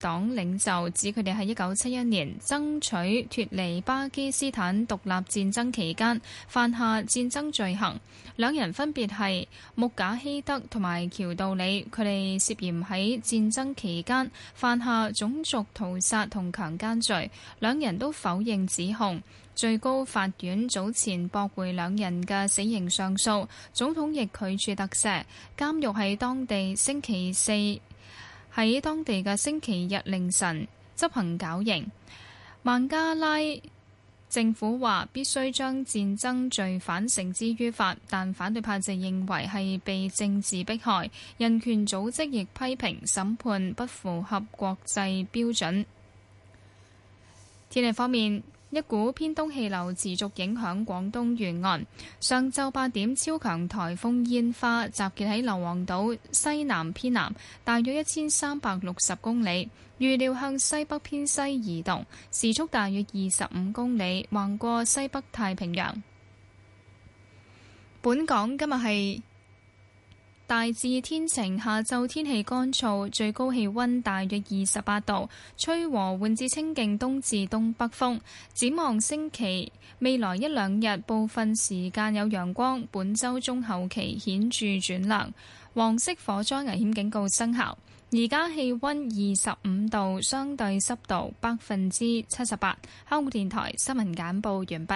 黨領袖指佢哋喺一九七一年爭取脫離巴基斯坦獨立戰爭期間犯下戰爭罪行，兩人分別係穆賈希德同埋喬道理。佢哋涉嫌喺戰爭期間犯下種族屠殺同強姦罪，兩人都否認指控。最高法院早前駁回兩人嘅死刑上訴，總統亦拒絕特赦。監獄喺當地星期四。喺當地嘅星期日凌晨執行絞刑。孟加拉政府話必須將戰爭罪犯繩之於法，但反對派就認為係被政治迫害。人權組織亦批評審判不符合國際標準。天氣方面。一股偏東氣流持續影響廣東沿岸。上晝八點，超強颱風煙花集結喺硫黃島西南偏南，大約一千三百六十公里，預料向西北偏西移動，時速大約二十五公里，橫過西北太平洋。本港今日係。大致天晴，下晝天氣乾燥，最高氣溫大約二十八度，吹和緩至清勁東至東北風。展望星期未來一兩日，部分時間有陽光。本周中後期顯著轉涼，黃色火災危險警告生效。而家氣溫二十五度，相對濕度百分之七十八。香港電台新聞簡報完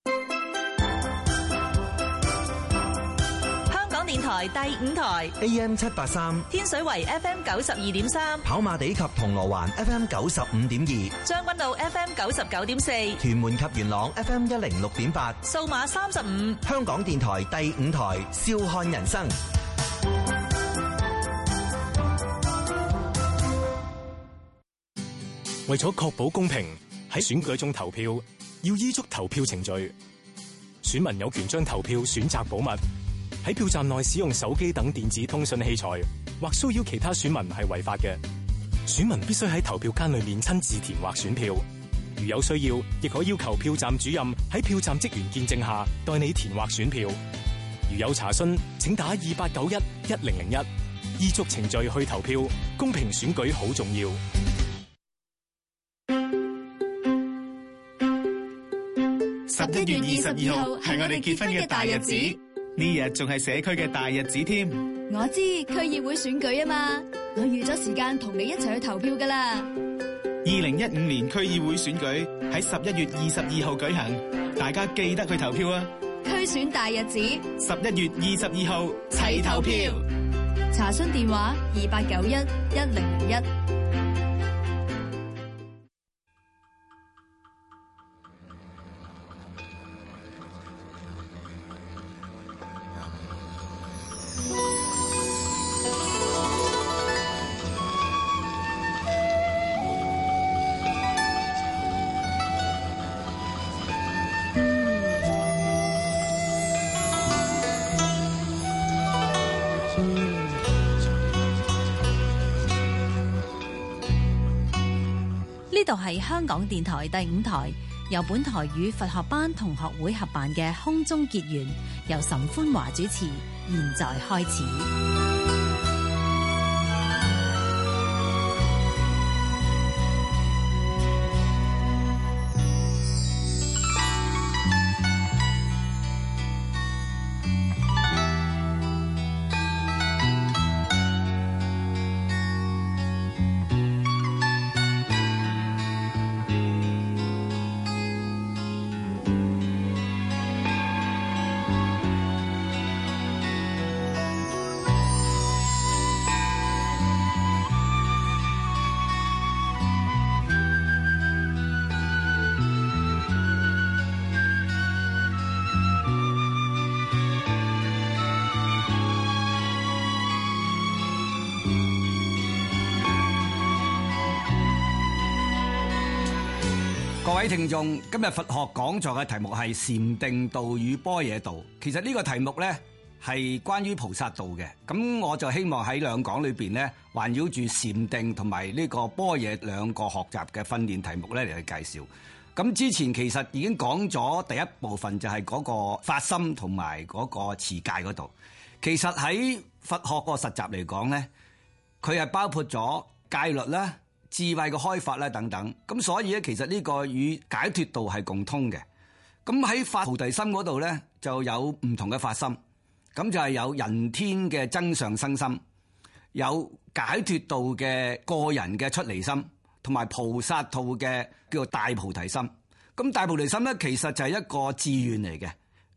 畢。電台第五台 AM 七八三，天水圍 FM 九十二點三，跑馬地及銅鑼灣 FM 九十五點二，將軍澳 FM 九十九點四，屯門及元朗 FM 一零六點八，數碼三十五，香港電台第五台笑看人生。為咗確保公平，喺選舉中投票要依足投票程序，選民有權將投票選擇保密。喺票站內使用手機等電子通訊器材，或騷擾其他選民係違法嘅。選民必須喺投票間裏面親自填劃選票，如有需要，亦可要求票站主任喺票站職員見證下代你填劃選票。如有查詢，請打二八九一一零零一，1, 依足程序去投票，公平選舉好重要。十一月二十二號係我哋結婚嘅大日子。呢日仲係社區嘅大日子添，我知區議會選舉啊嘛，我預咗時間同你一齊去投票噶啦。二零一五年區議會選舉喺十一月二十二號舉行，大家記得去投票啊！區選大日子，十一月二十二號齊投票。投票查詢電話：二八九一一零零一。呢度係香港電台第五台，由本台與佛學班同學會合辦嘅空中結緣，由岑寬華主持，現在開始。各位聽眾，今日佛學講座嘅題目係禪定道與般若道。其實呢個題目呢係關於菩薩道嘅。咁我就希望喺兩講裏邊呢，環繞住禪定同埋呢個般若兩個學習嘅訓練題目呢，嚟去介紹。咁之前其實已經講咗第一部分，就係嗰個發心同埋嗰個持戒嗰度。其實喺佛學個實習嚟講呢，佢係包括咗戒律啦。智慧嘅開發啦，等等。咁所以咧，其實呢個與解脫道係共通嘅。咁喺發菩提心嗰度咧，就有唔同嘅發心。咁就係有人天嘅增上生心，有解脫道嘅個人嘅出離心，同埋菩薩道嘅叫做大菩提心。咁大菩提心咧，其實就係一個志願嚟嘅。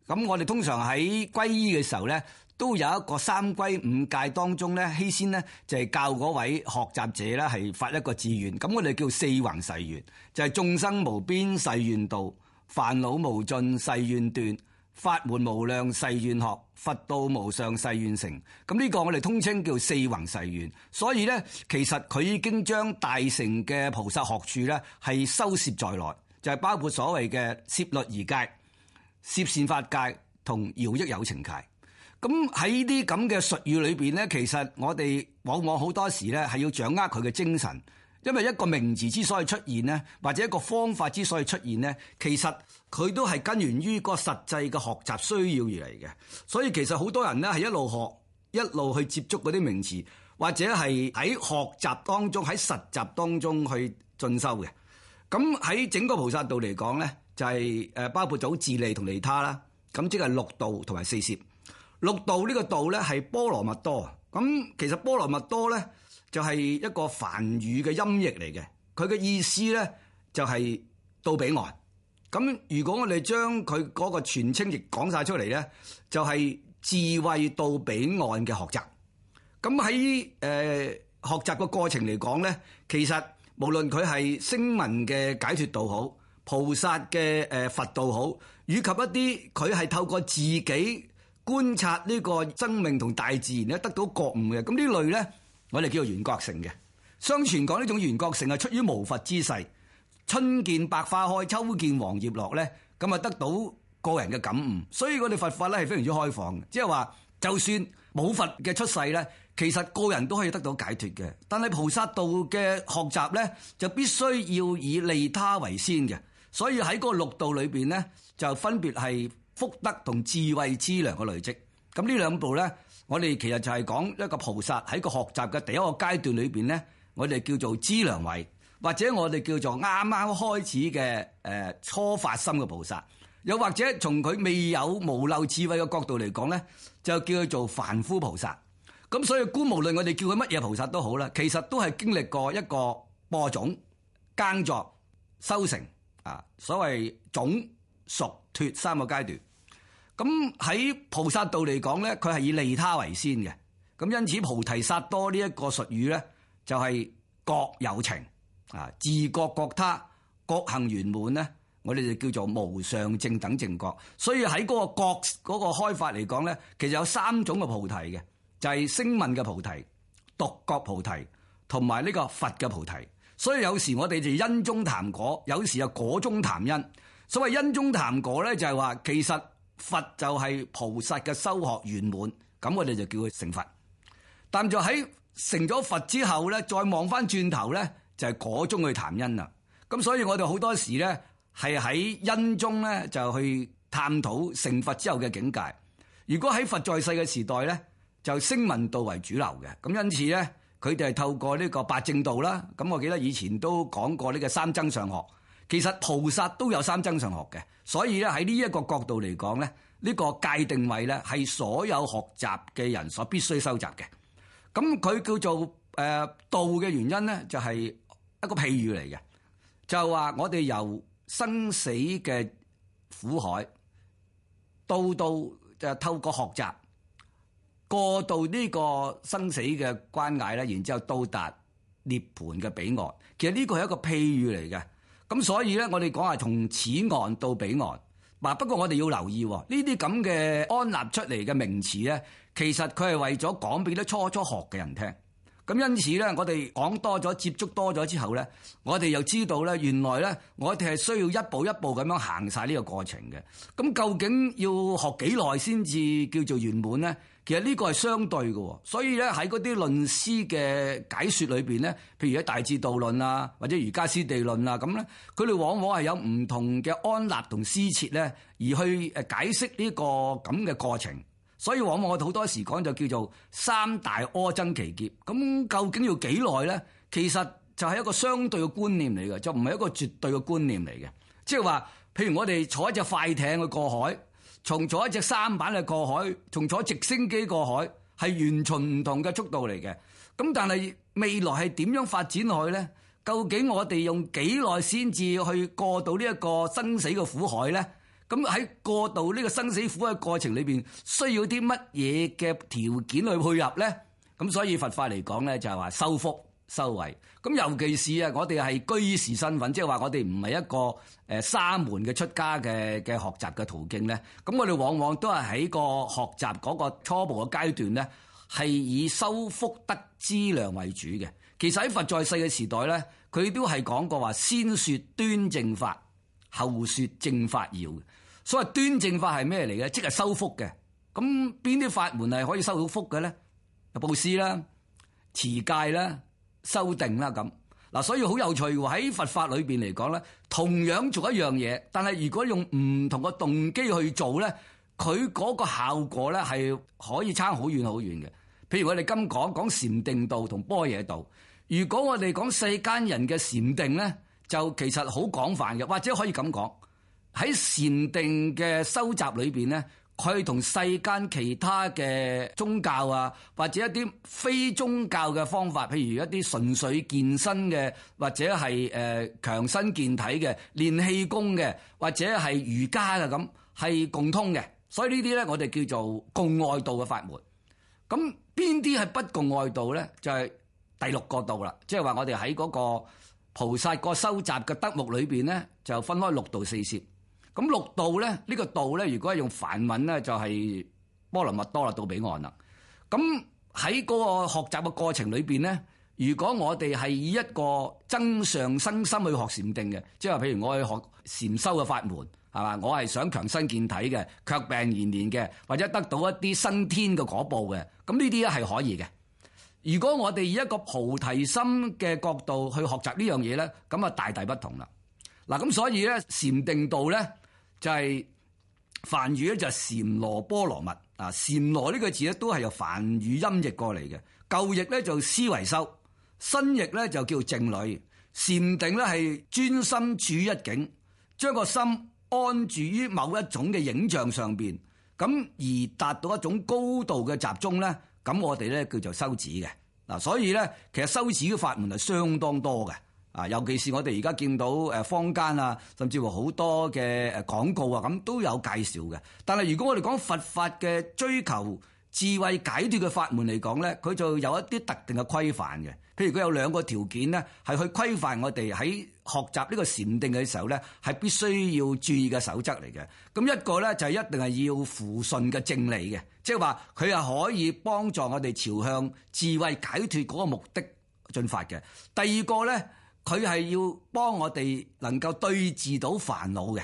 咁我哋通常喺皈依嘅時候咧，都有一個三歸五戒當中咧，希仙呢就係教嗰位學習者啦，係發一個志願。咁我哋叫四弘誓願，就係、是、眾生無邊誓願度，煩惱無盡誓願斷，法門無量誓願學，佛道無上誓願成。咁、這、呢個我哋通稱叫四弘誓願。所以咧，其實佢已經將大乘嘅菩薩學處咧係收攝在內，就係、是、包括所謂嘅攝律儀戒、攝善法戒同饒益有情戒。咁喺啲咁嘅術語裏邊咧，其實我哋往往好多時咧係要掌握佢嘅精神，因為一個名詞之所以出現咧，或者一個方法之所以出現咧，其實佢都係根源於個實際嘅學習需要而嚟嘅。所以其實好多人咧係一路學，一路去接觸嗰啲名詞，或者係喺學習當中喺實習當中去進修嘅。咁喺整個菩薩道嚟講咧，就係、是、誒包括咗自利同利他啦，咁即係六度同埋四攝。六度呢個度咧係波羅蜜多咁，其實波羅蜜多咧就係一個梵語嘅音譯嚟嘅。佢嘅意思咧就係到彼岸。咁如果我哋將佢嗰個全稱亦講曬出嚟咧，就係智慧到彼岸嘅學習。咁喺誒學習個過程嚟講咧，其實無論佢係聲聞嘅解脫道好，菩薩嘅誒佛道好，以及一啲佢係透過自己。觀察呢個生命同大自然咧，得到覺悟嘅。咁呢類呢，我哋叫做圓覺性嘅。相傳講呢種圓覺性係出於無佛之世，春見白花開，秋見黃葉落呢，咁啊得到個人嘅感悟。所以我哋佛法呢係非常之開放嘅，即係話就算冇佛嘅出世呢，其實個人都可以得到解脫嘅。但係菩薩道嘅學習呢，就必須要以利他為先嘅。所以喺嗰個六道裏邊呢，就分別係。福德同智慧資糧嘅累積，咁呢兩步咧，我哋其實就係講一個菩薩喺個學習嘅第一個階段裏邊咧，我哋叫做資糧位，或者我哋叫做啱啱開始嘅誒初發心嘅菩薩，又或者從佢未有無漏智慧嘅角度嚟講咧，就叫做凡夫菩薩。咁所以，姑無論我哋叫佢乜嘢菩薩都好啦，其實都係經歷過一個播種、耕作、收成啊，所謂種、熟、脱三個階段。咁喺菩薩道嚟講咧，佢係以利他為先嘅。咁因此菩提薩埵呢一個術語咧，就是，就係覺有情啊，自覺覺他，覺行圓滿咧，我哋就叫做無上正等正覺。所以喺嗰、那個覺嗰、那個開發嚟講咧，其實有三種嘅菩提嘅，就係、是、聲聞嘅菩提、獨覺菩提同埋呢個佛嘅菩提。所以有時我哋就因中談果，有時又果中談因。所謂因中談果咧，就係話其實。佛就係菩薩嘅修學圓滿，咁我哋就叫佢成佛。但就喺成咗佛之後咧，再望翻轉頭咧，就係果中去談因啦。咁所以我哋好多時咧，係喺因中咧就去探討成佛之後嘅境界。如果喺佛在世嘅時代咧，就聲聞道為主流嘅。咁因此咧，佢哋係透過呢個八正道啦。咁我記得以前都講過呢個三增上學。其實菩薩都有三增上學嘅，所以咧喺呢一個角度嚟講咧，呢、這個界定位咧係所有學習嘅人所必須修習嘅。咁佢叫做誒、呃、道嘅原因咧，就係一個譬喻嚟嘅，就話、是、我哋由生死嘅苦海到到就透過學習過渡呢個生死嘅關隘咧，然之後到達涅槃嘅彼岸。其實呢個係一個譬喻嚟嘅。咁所以咧，我哋講係從此岸到彼岸。嗱，不過我哋要留意喎，呢啲咁嘅安立出嚟嘅名詞咧，其實佢係為咗講俾啲初初學嘅人聽。咁因此咧，我哋講多咗、接觸多咗之後咧，我哋又知道咧，原來咧，我哋係需要一步一步咁樣行晒呢個過程嘅。咁究竟要學幾耐先至叫做圓滿咧？其實呢個係相對嘅，所以咧，喺嗰啲論師嘅解說裏邊咧，譬如喺《大智度論》啊，或者論《瑜伽師地論》啊咁咧，佢哋往往係有唔同嘅安立同施設咧，而去誒解釋呢、這個咁嘅過程。所以往往我哋好多時講就叫做三大阿僧祇劫。咁究竟要幾耐咧？其實就係一個相對嘅觀念嚟嘅，就唔係一個絕對嘅觀念嚟嘅。即係話，譬如我哋坐一隻快艇去過海。從坐一隻舢板去過海，從坐直升機過海，係完全唔同嘅速度嚟嘅。咁但係未來係點樣發展落去咧？究竟我哋用幾耐先至去過渡呢一個生死嘅苦海咧？咁喺過渡呢個生死苦海嘅過程裏邊，需要啲乜嘢嘅條件去配合咧？咁所以佛法嚟講咧，就係話修福修慧。咁尤其是啊，我哋係居士身份，即係話我哋唔係一個誒沙門嘅出家嘅嘅學習嘅途徑咧。咁我哋往往都係喺個學習嗰個初步嘅階段咧，係以修福得資糧為主嘅。其實喺佛在世嘅時代咧，佢都係講過話，先説端正法，後説正法要。所謂端正法係咩嚟嘅？即係修福嘅。咁邊啲法門係可以修到福嘅咧？布施啦，持戒啦。修定啦，咁嗱，所以好有趣喎。喺佛法裏邊嚟講咧，同樣做一樣嘢，但係如果用唔同嘅動機去做咧，佢嗰個效果咧係可以差好遠好遠嘅。譬如我哋今講講禪定道同般若道，如果我哋講世間人嘅禪定咧，就其實好廣泛嘅，或者可以咁講，喺禪定嘅收集裏邊咧。佢同世間其他嘅宗教啊，或者一啲非宗教嘅方法，譬如一啲純粹健身嘅，或者係誒、呃、強身健體嘅、練氣功嘅，或者係瑜伽嘅咁，係共通嘅。所以呢啲咧，我哋叫做共外道嘅法門。咁邊啲係不共外道咧？就係、是、第六個度啦。即係話我哋喺嗰個菩薩個修習嘅德目裏邊咧，就分開六度四攝。咁六度咧，呢個度咧，如果係用梵文咧，就係波羅蜜多啦、到彼岸啦。咁喺嗰個學習嘅過程裏邊咧，如果我哋係以一個增上身心去學禪定嘅，即係話譬如我去學禪修嘅法門，係嘛？我係想強身健體嘅，卻病延年嘅，或者得到一啲升天嘅果報嘅，咁呢啲咧係可以嘅。如果我哋以一個菩提心嘅角度去學習呢樣嘢咧，咁啊大大不同啦。嗱，咁所以咧，禪定道咧。就係梵語咧，就係禪那波羅蜜啊！禪那呢個字咧，都係由梵語音譯過嚟嘅。舊譯咧就思維修，新譯咧就叫靜慮。禪定咧係專心處一境，將個心安住於某一種嘅影像上邊，咁而達到一種高度嘅集中咧。咁我哋咧叫做修止嘅。嗱，所以咧其實修止嘅法門係相當多嘅。啊，尤其是我哋而家見到誒坊間啊，甚至乎好多嘅誒廣告啊，咁都有介紹嘅。但係如果我哋講佛法嘅追求智慧解脫嘅法門嚟講咧，佢就有一啲特定嘅規範嘅。譬如佢有兩個條件咧，係去規範我哋喺學習呢個禪定嘅時候咧，係必須要注意嘅守則嚟嘅。咁一個咧就係一定係要符順嘅正理嘅，即係話佢係可以幫助我哋朝向智慧解脫嗰個目的進發嘅。第二個咧。佢係要幫我哋能夠對治到煩惱嘅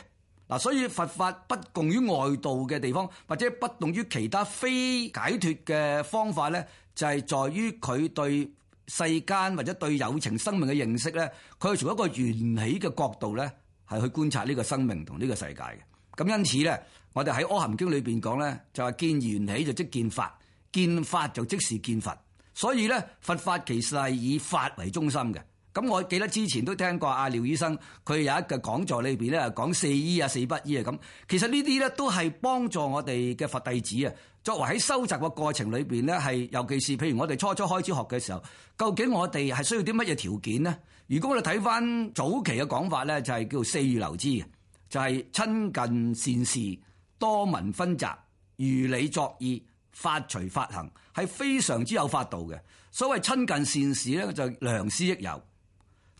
嗱，所以佛法不共於外道嘅地方，或者不動於其他非解脱嘅方法咧，就係在於佢對世間或者對有情生命嘅認識咧，佢係從一個緣起嘅角度咧，係去觀察呢個生命同呢個世界嘅。咁因此咧，我哋喺《阿含經》裏邊講咧，就係見緣起就即見法，見法就即是見佛，所以咧佛法其實係以法為中心嘅。咁我記得之前都聽過阿廖醫生，佢有一個講座裏邊咧講四依啊四不依啊咁。其實呢啲咧都係幫助我哋嘅佛弟子啊，作為喺收集個過程裏邊咧，係尤其是譬如我哋初初開始學嘅時候，究竟我哋係需要啲乜嘢條件呢？如果我哋睇翻早期嘅講法咧，就係叫四預流支，嘅，就係、是、親近善士、多聞熏習、如理作意、法隨法行，係非常之有法度嘅。所謂親近善士咧，就良師益友。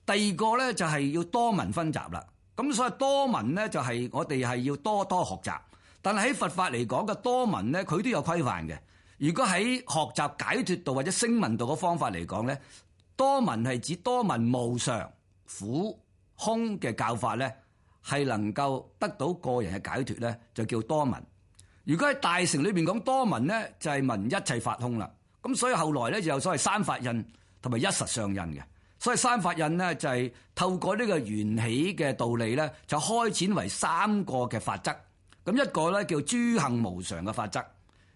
第二個咧就係要多聞薰習啦，咁所以多聞咧就係我哋係要多多學習，但係喺佛法嚟講嘅多聞咧，佢都有規範嘅。如果喺學習解脫道或者聲聞道嘅方法嚟講咧，多聞係指多聞無常、苦、空嘅教法咧，係能夠得到個人嘅解脫咧，就叫多聞。如果喺大乘裏邊講多聞咧，就係聞一切法空啦。咁所以後來咧就有所謂三法印同埋一實相印嘅。所以三法印咧就係透過呢個緣起嘅道理咧，就開展為三個嘅法則。咁一個咧叫諸行無常嘅法則，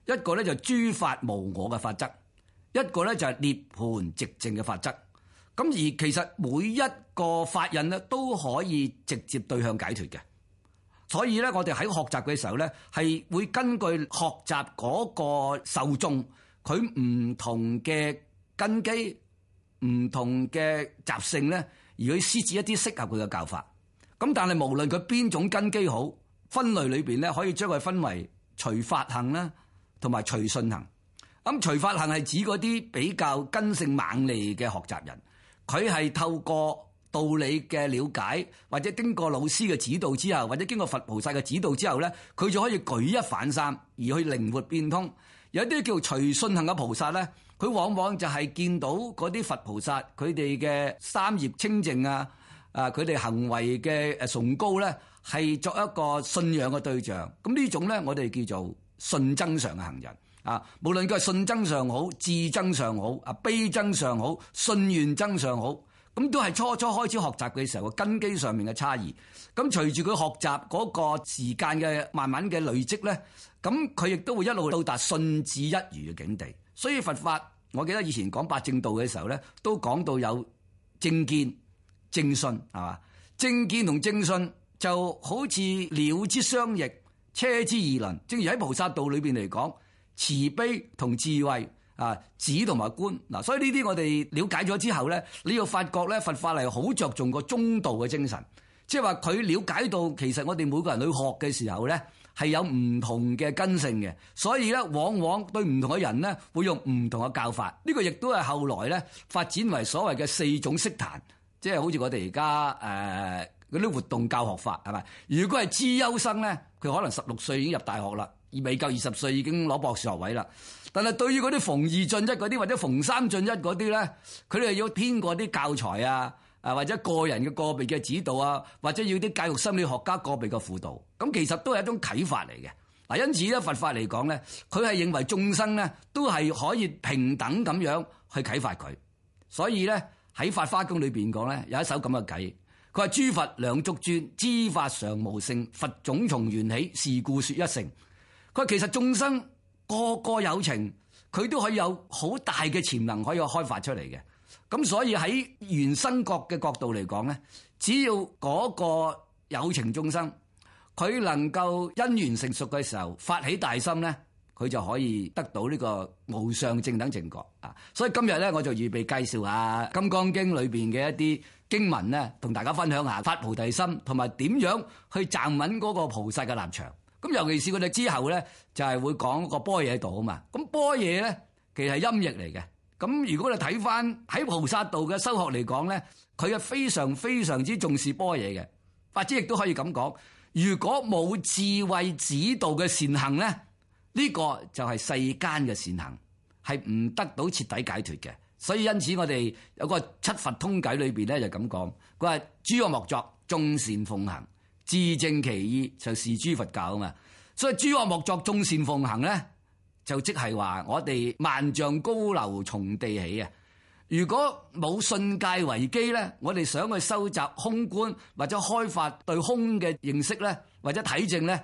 一個咧就諸法無我嘅法則，一個咧就係涅盤寂靜嘅法則。咁而其實每一個法印咧都可以直接對向解脫嘅。所以咧我哋喺學習嘅時候咧係會根據學習嗰個受眾佢唔同嘅根基。唔同嘅習性咧，而佢施設一啲適合佢嘅教法。咁但係無論佢邊種根基好，分類裏邊咧，可以將佢分為隨法行啦，同埋隨信行。咁隨法行係指嗰啲比較根性猛利嘅學習人，佢係透過道理嘅了解，或者經過老師嘅指導之後，或者經過佛菩薩嘅指導之後咧，佢就可以舉一反三，而去靈活變通。有啲叫隨信行嘅菩薩咧。佢往往就係見到嗰啲佛菩薩，佢哋嘅三業清淨啊，啊，佢哋行為嘅誒崇高咧，係作一個信仰嘅對象。咁呢種咧，我哋叫做信增上嘅行人啊。無論佢係信增上好、智增上好、啊悲增上好、信願增上好，咁都係初初開始學習嘅時候，根基上面嘅差異。咁隨住佢學習嗰個時間嘅慢慢嘅累積咧，咁佢亦都會一路到達信智一如嘅境地。所以佛法，我記得以前講八正道嘅時候咧，都講到有正見、正信，係嘛？正見同正信就好似鳥之雙翼、車之二輪，正如喺菩薩道裏邊嚟講，慈悲同智慧啊，止同埋觀。嗱，所以呢啲我哋了解咗之後咧，你要發覺咧，佛法係好着重個中道嘅精神，即係話佢了解到其實我哋每個人去學嘅時候咧。係有唔同嘅根性嘅，所以咧往往對唔同嘅人咧會用唔同嘅教法。呢個亦都係後來咧發展為所謂嘅四種悉檀，即係好似我哋而家誒嗰啲活動教學法係咪？如果係資優生咧，佢可能十六歲已經入大學啦，而未夠二十歲已經攞博士學位啦。但係對於嗰啲逢二進一嗰啲或者逢三進一嗰啲咧，佢哋係要編過啲教材啊。啊，或者個人嘅個別嘅指導啊，或者要啲教育心理學家個別嘅輔導，咁其實都係一種啟發嚟嘅。嗱，因此咧，佛法嚟講咧，佢係認為眾生咧都係可以平等咁樣去啟發佢。所以咧，喺《法花經》裏邊講咧，有一首咁嘅偈，佢話：諸佛兩足尊，知法常無性，佛種從緣起，是故說一成。」佢其實眾生個個有情，佢都可以有好大嘅潛能可以開發出嚟嘅。咁所以喺原生國嘅角度嚟講咧，只要嗰個有情眾生佢能夠因緣成熟嘅時候發起大心咧，佢就可以得到呢個無上正等正覺啊！所以今日咧，我就預備介紹下《金剛經》裏邊嘅一啲經文咧，同大家分享下發菩提心同埋點樣去站穩嗰個菩薩嘅立場。咁尤其是佢哋之後咧，就係會講嗰個般若喺度啊嘛。咁般若咧，其實係音譯嚟嘅。咁如果你睇翻喺菩薩道嘅修學嚟講咧，佢係非常非常之重視般若嘅，或者亦都可以咁講。如果冇智慧指導嘅善行咧，呢個就係世間嘅善行，係唔得到徹底解脱嘅。所以因此我哋有個七佛通偈裏邊咧，就咁講，佢係諸惡莫作，眾善奉行，自淨其意就係諸佛教啊。所以諸惡莫作，眾善奉行咧。就即係話，我哋萬丈高樓從地起啊！如果冇信戒為基咧，我哋想去收集空觀或者開發對空嘅認識咧，或者體證咧，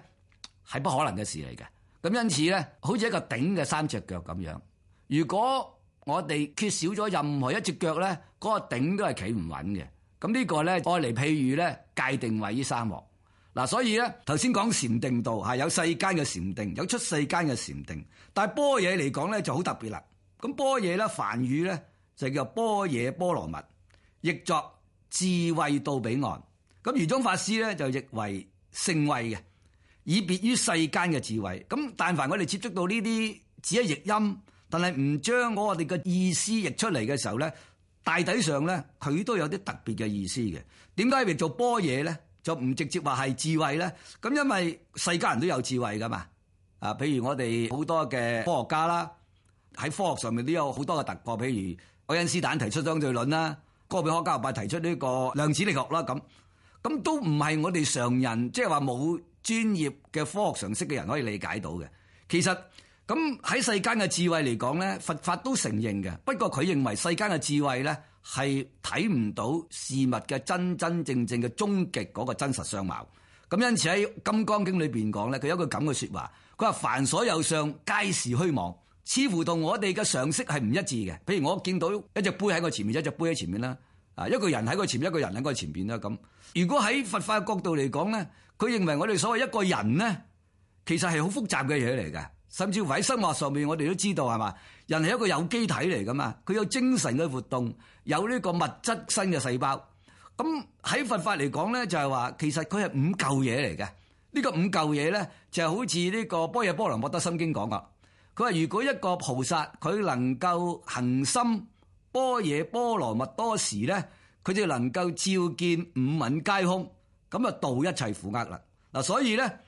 係不可能嘅事嚟嘅。咁因此咧，好似一個頂嘅三隻腳咁樣，如果我哋缺少咗任何一隻腳咧，嗰個頂都係企唔穩嘅。咁呢個咧，愛嚟譬如咧，界定位於沙漠。嗱、啊，所以咧，頭先講禪定道係有世間嘅禪定，有出世間嘅禪定。但係般若嚟講咧就好特別啦。咁般若咧，梵語咧就叫般若波羅蜜，譯作智慧到彼岸。咁如宗法師咧就譯為聖慧嘅，以別於世間嘅智慧。咁但凡我哋接觸到呢啲字係譯音，但係唔將我哋嘅意思譯出嚟嘅時候咧，大抵上咧佢都有啲特別嘅意思嘅。點解叫做般若咧？就唔直接話係智慧咧，咁因為世間人都有智慧噶嘛，啊，譬如我哋好多嘅科學家啦，喺科學上面都有好多嘅突破，譬如愛因斯坦提出相對論啦，哥本哈根學派提出呢個量子力學啦，咁咁都唔係我哋常人，即係話冇專業嘅科學常識嘅人可以理解到嘅。其實咁喺世間嘅智慧嚟講咧，佛法都承認嘅，不過佢認為世間嘅智慧咧，係睇唔到事物嘅真真正正嘅終極嗰個真實相貌，咁因此喺金剛經裏邊講咧，佢有一句咁嘅說話，佢話凡所有相，皆是虛妄，似乎同我哋嘅常識係唔一致嘅。譬如我見到一隻杯喺個前面，一隻杯喺前面啦，啊，一個人喺個前面，一個人喺個前面啦。咁如果喺佛法角度嚟講咧，佢認為我哋所謂一個人咧，其實係好複雜嘅嘢嚟嘅。甚至乎喺生活上面，我哋都知道係嘛，人係一個有機體嚟噶嘛，佢有精神嘅活動。有呢個物質身嘅細胞，咁喺佛法嚟講咧，就係話其實佢係五嚿嘢嚟嘅。呢個五嚿嘢咧就係好似呢個般若波羅蜜多心經講噶，佢話如果一個菩薩佢能夠行深般若波羅蜜多時咧，佢就能夠照見五蘊皆空，咁啊度一切苦厄啦嗱。所以咧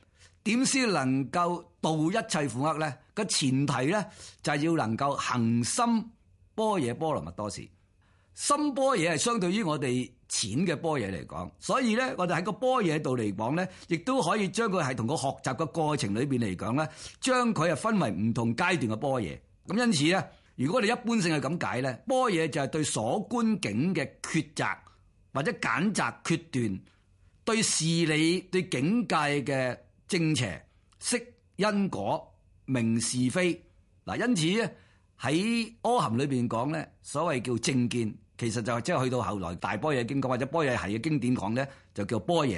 點先能夠度一切苦厄咧？個前提咧就係要能夠行深般若波羅蜜多時。深般若係相對於我哋淺嘅般若嚟講，所以咧我哋喺個般若度嚟講咧，亦都可以將佢係同個學習嘅過程裏邊嚟講咧，將佢係分為唔同階段嘅般若。咁因此咧，如果我哋一般性係咁解咧，般若就係對所觀景嘅抉擇或者揀擇決斷，對事理、對境界嘅正邪、識因果、明是非。嗱，因此咧喺阿含裏邊講咧，所謂叫正見。其實就係即係去到後來大般若經講或者般若係嘅經典講咧，就叫般若。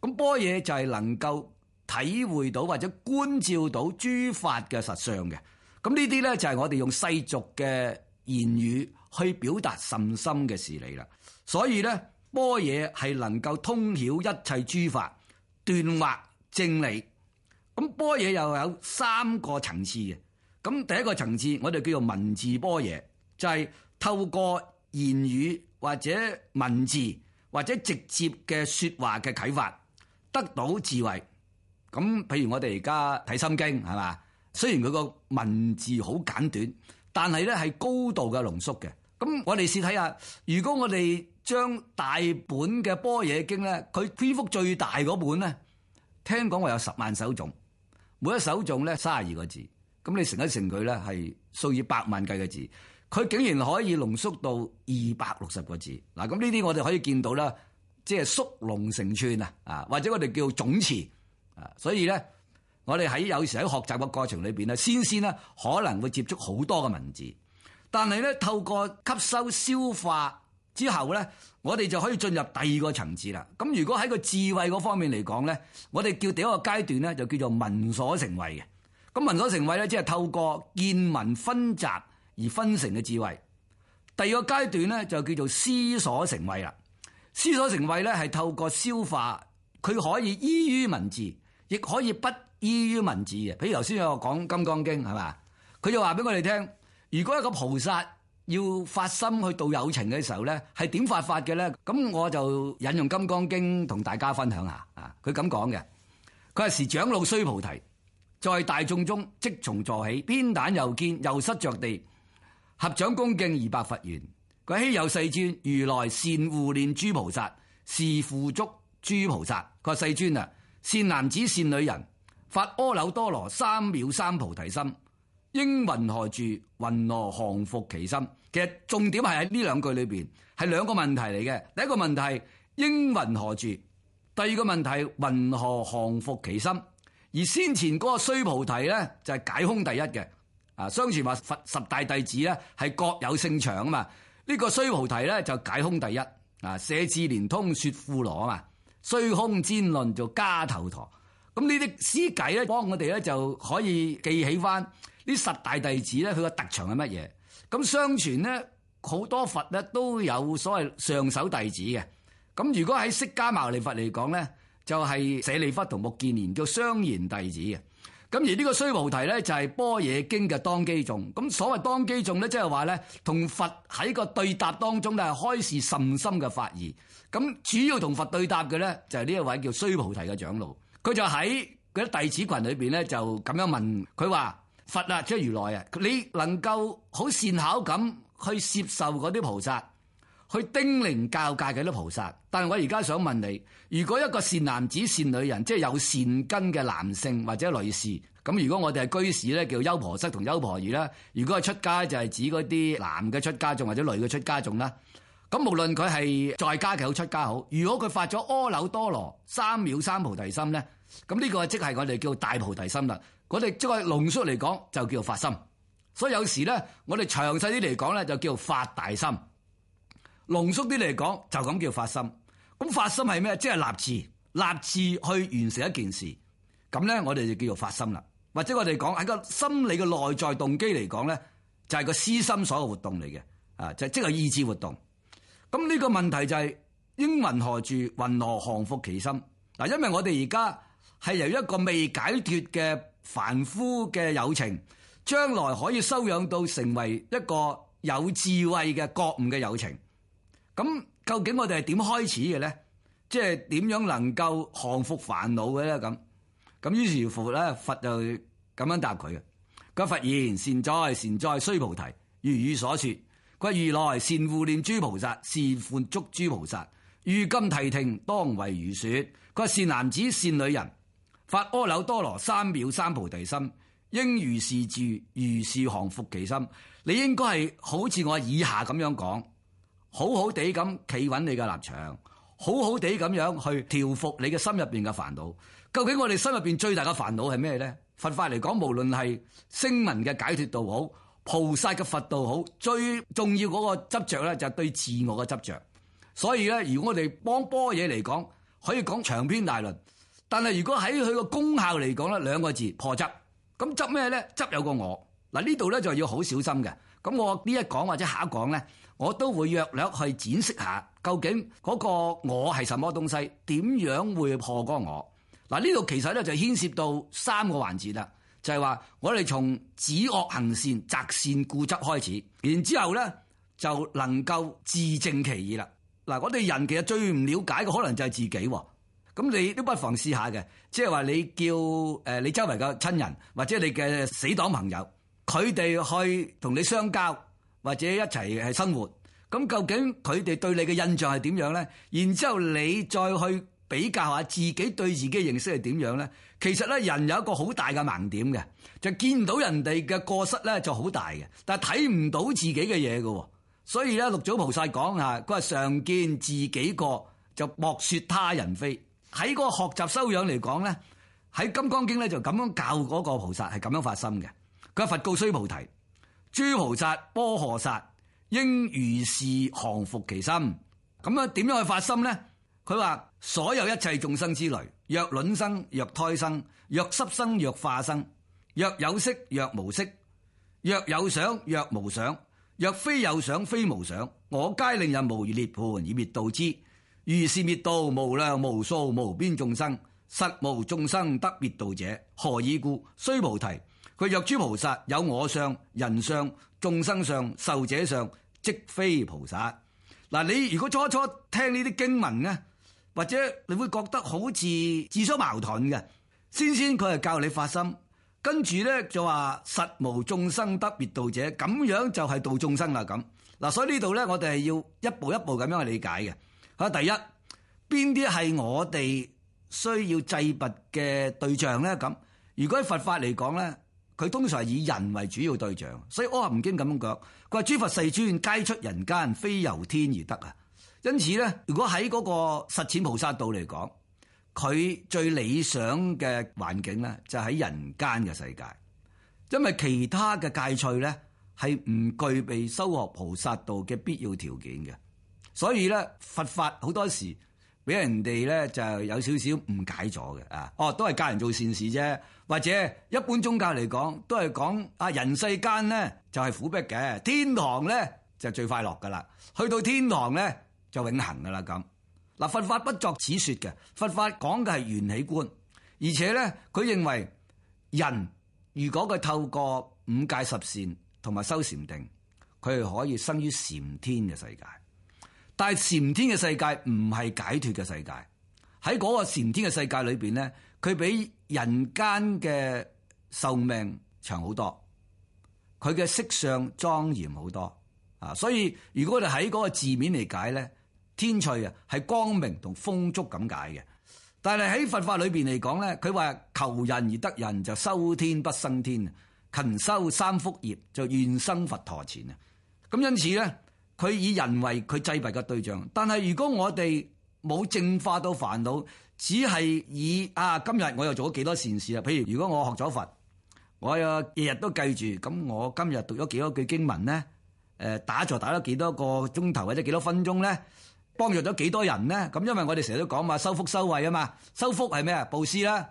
咁般若就係能夠體會到或者觀照到諸法嘅實相嘅。咁呢啲咧就係我哋用世俗嘅言語去表達甚深嘅事理啦。所以咧，般若係能夠通曉一切諸法斷惑正理。咁般若又有三個層次嘅。咁第一個層次我哋叫做文字般若，就係、是、透過言語或者文字或者直接嘅説話嘅啟發，得到智慧。咁譬如我哋而家睇《心經》，係嘛？雖然佢個文字好簡短，但係咧係高度嘅濃縮嘅。咁我哋試睇下，如果我哋將大本嘅《波野經》咧，佢篇幅最大嗰本咧，聽講話有十萬首種，每一首種咧三廿二個字，咁你成一成佢咧係數以百萬計嘅字。佢竟然可以濃縮到二百六十個字嗱，咁呢啲我哋可以見到啦，即係縮龍成寸啊！啊，或者我哋叫總詞啊，所以咧，我哋喺有時喺學習嘅過程裏邊咧，先先咧可能會接觸好多嘅文字，但係咧透過吸收消化之後咧，我哋就可以進入第二個層次啦。咁如果喺個智慧嗰方面嚟講咧，我哋叫第一個階段咧就叫做聞所成慧嘅。咁聞所成慧咧，即係透過見聞分集。而分成嘅智慧，第二個階段咧就叫做思所成慧啦。思所成慧咧係透過消化，佢可以依於文字，亦可以不依於文字嘅。譬如頭先有我講《金剛經》係嘛，佢就話俾我哋聽，如果一個菩薩要發心去度有情嘅時候咧，係點發法嘅咧？咁我就引用《金剛經》同大家分享下啊。佢咁講嘅，佢話時長老須菩提，在大眾中即從坐起，偏袒右肩，右膝著地。合掌恭敬二百佛言，佢稀有世尊如來善護念諸菩薩，是付囑諸菩薩。佢話世尊啊，善男子善女人，發阿耨多羅三藐三菩提心，應云何住，云何降伏其心？其實重點係喺呢兩句裏邊，係兩個問題嚟嘅。第一個問題應云何住，第二個問題云何降伏其心。而先前嗰個須菩提咧，就係解空第一嘅。啊！相傳話佛十大弟子咧係各有勝場啊嘛，呢、這個須菩提咧就解空第一啊，舍智連通說富羅啊嘛，須空堅論做加頭陀。咁呢啲詩偈咧，幫我哋咧就可以記起返呢十大弟子咧佢個特長係乜嘢。咁相傳呢，好多佛咧都有所謂上首弟子嘅。咁如果喺釋迦牟尼佛嚟講咧，就係、是、舍利弗同目犍連叫雙賢弟子嘅。咁而呢個須菩提咧就係《般若經》嘅當機眾。咁所謂當機眾咧，即係話咧，同佛喺個對答當中咧，開示甚深嘅法義。咁主要同佛對答嘅咧，就係呢一位叫須菩提嘅長老。佢就喺啲弟子群裏邊咧，就咁樣問佢話：佛啊，即係如來啊，你能夠好善巧咁去接受嗰啲菩薩？去丁靈教界嘅啲菩薩？但係我而家想問你：如果一個善男子、善女人，即係有善根嘅男性或者女士，咁如果我哋係居士咧，叫優婆塞同優婆夷啦；如果係出家，就係指嗰啲男嘅出家眾或者女嘅出家眾啦。咁無論佢係在家好、出家好，如果佢發咗阿耨多羅三藐三菩提心咧，咁呢個即係我哋叫大菩提心啦。我哋即係濃縮嚟講，就叫做發心。所以有時咧，我哋詳細啲嚟講咧，就叫發大心。濃縮啲嚟講，就咁叫發心。咁發心係咩？即係立志，立志去完成一件事。咁咧，我哋就叫做發心啦。或者我哋講喺個心理嘅內在動機嚟講咧，就係、是、個私心所有活動嚟嘅啊，就即係意志活動。咁、啊、呢、這個問題就係、是：應云何住，云何降伏其心嗱、啊？因為我哋而家係由一個未解脱嘅凡夫嘅有情，將來可以修養到成為一個有智慧嘅覺悟嘅有情。咁究竟我哋係點開始嘅咧？即係點樣能夠降伏煩惱嘅咧？咁咁於是乎咧，佛就咁樣答佢嘅。佢佛言：善哉、善哉，須菩提，如語所說。佢如來善護念諸菩薩，善付囑諸菩薩。汝今諦聽，當為如說。佢善男子，善女人，發阿耨多羅三藐三菩提心，應如是住，如是降伏其心。你應該係好似我以下咁樣講。好好地咁企穩你嘅立場，好好地咁樣去調服你嘅心入邊嘅煩惱。究竟我哋心入邊最大嘅煩惱係咩咧？佛法嚟講，無論係聲聞嘅解脫道好，菩薩嘅佛道好，最重要嗰個執着咧就係對自我嘅執着。所以咧，如果我哋幫波嘢嚟講，可以講長篇大論。但係如果喺佢個功效嚟講咧，兩個字，破執。咁執咩咧？執有個我。嗱，呢度咧就要好小心嘅。咁我呢一講或者下一講咧，我都會約略去展釋下，究竟嗰個我係什麼東西，點樣會破光我？嗱，呢度其實咧就牽涉到三個環節啦，就係話我哋從止惡行善、擇善固執開始，然之後咧就能夠自淨其意啦。嗱，我哋人其實最唔了解嘅可能就係自己喎。咁你都不妨試下嘅，即係話你叫誒你周圍嘅親人或者你嘅死黨朋友，佢哋去同你相交。或者一齊係生活，咁究竟佢哋對你嘅印象係點樣咧？然之後你再去比較下自己對自己嘅認識係點樣咧？其實咧，人有一個好大嘅盲點嘅，就見到人哋嘅過失咧就好大嘅，但係睇唔到自己嘅嘢嘅。所以咧，六祖菩薩講啊，佢話常見自己過，就莫說他人非。喺嗰個學習修養嚟講咧，喺《金剛經》咧就咁樣教嗰個菩薩係咁樣發心嘅。佢話佛告須菩提。諸菩薩摩訶薩應如是降伏其心，咁樣點樣去發心呢？佢話所有一切眾生之類，若卵生，若胎生，若濕生，生，若化生，若有色，若無色，若有想，若無想，若非有想非無想，我皆令人無餘涅槃而滅度之，如是滅度無量無數無邊眾生，實無眾生得滅度者，何以故？須菩提。佢若諸菩薩有我相、人相、眾生相、壽者相，即非菩薩。嗱，你如果初初聽呢啲經文咧，或者你會覺得好似自相矛盾嘅。先先佢係教你發心，跟住咧就話實無眾生得別道者，咁樣就係度眾生啦。咁嗱，所以呢度咧，我哋係要一步一步咁樣去理解嘅。啊，第一邊啲係我哋需要濟拔嘅對象咧？咁如果喺佛法嚟講咧？佢通常係以人為主要對象，所以阿含經咁樣講，佢話：諸佛世尊皆出人間，非由天而得啊。因此咧，如果喺嗰個實踐菩薩道嚟講，佢最理想嘅環境咧，就喺人間嘅世界，因為其他嘅界趣咧係唔具備修學菩薩道嘅必要條件嘅。所以咧，佛法好多時俾人哋咧就有少少誤解咗嘅啊！哦，都係教人做善事啫。或者一般宗教嚟講，都係講啊，人世間咧就係苦迫嘅，天堂咧就係最快樂噶啦，去到天堂咧就永恆噶啦咁。嗱，佛法不作此說嘅，佛法講嘅係緣起觀，而且咧佢認為人如果佢透過五戒十善同埋修禪定，佢係可以生於禪天嘅世界。但係禪天嘅世界唔係解脫嘅世界，喺嗰個禪天嘅世界裏邊咧。佢比人間嘅壽命長好多，佢嘅色相莊嚴好多啊！所以如果我哋喺嗰個字面嚟解咧，天趣啊係光明同豐足咁解嘅。但係喺佛法裏邊嚟講咧，佢話求人而得人就修天不生天，勤修三福業就願生佛陀前啊！咁因此咧，佢以人為佢濟拔嘅對象。但係如果我哋冇淨化到煩惱，只係以啊，今日我又做咗幾多善事啦？譬如如果我學咗佛，我又日日都記住咁，我今日讀咗幾多句經文咧？誒、呃，打坐打咗幾多個鐘頭或者幾多分鐘咧？幫助咗幾多人咧？咁因為我哋成日都講話，修福修慧啊嘛，修福係咩啊？佈施啦，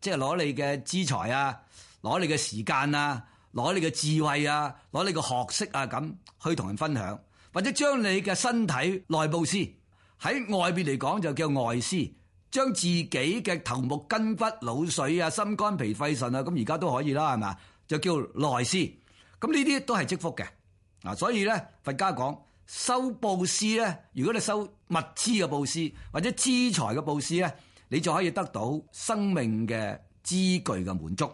即係攞你嘅資財啊，攞你嘅時間啊，攞你嘅智慧啊，攞你嘅學識啊，咁去同人分享，或者將你嘅身體內佈施喺外邊嚟講就叫外施。將自己嘅頭目筋骨腦髓啊，心肝脾肺腎啊，咁而家都可以啦，係嘛？就叫內施，咁呢啲都係積福嘅。嗱，所以咧，佛家講修布施咧，如果你修物資嘅布施或者資財嘅布施咧，你就可以得到生命嘅資具嘅滿足。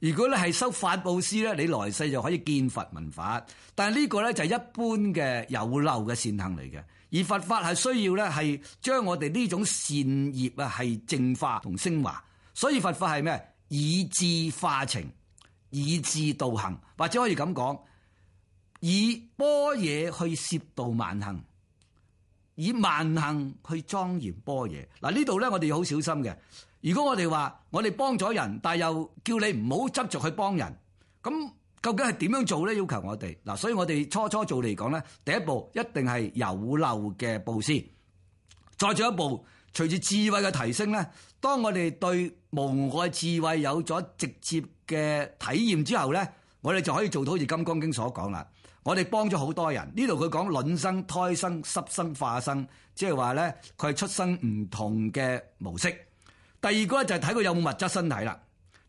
如果你係修法布施咧，你來世就可以見佛聞法。但係呢個咧就係一般嘅有漏嘅善行嚟嘅。而佛法係需要咧，係將我哋呢種善業啊，係淨化同昇華。所以佛法係咩？以智化情，以智導行，或者可以咁講，以般若去攝導萬行，以萬行去莊嚴般若。嗱呢度咧，我哋要好小心嘅。如果我哋話我哋幫咗人，但係又叫你唔好執着去幫人，咁。究竟係點樣做咧？要求我哋嗱，所以我哋初初做嚟講咧，第一步一定係有漏嘅布施，再進一步，隨住智慧嘅提升咧。當我哋對無礙智慧有咗直接嘅體驗之後咧，我哋就可以做到好似《金剛經》所講啦。我哋幫咗好多人呢度，佢講卵生、胎生、濕生、化生，即係話咧佢係出生唔同嘅模式。第二個咧就係睇佢有冇物質身體啦。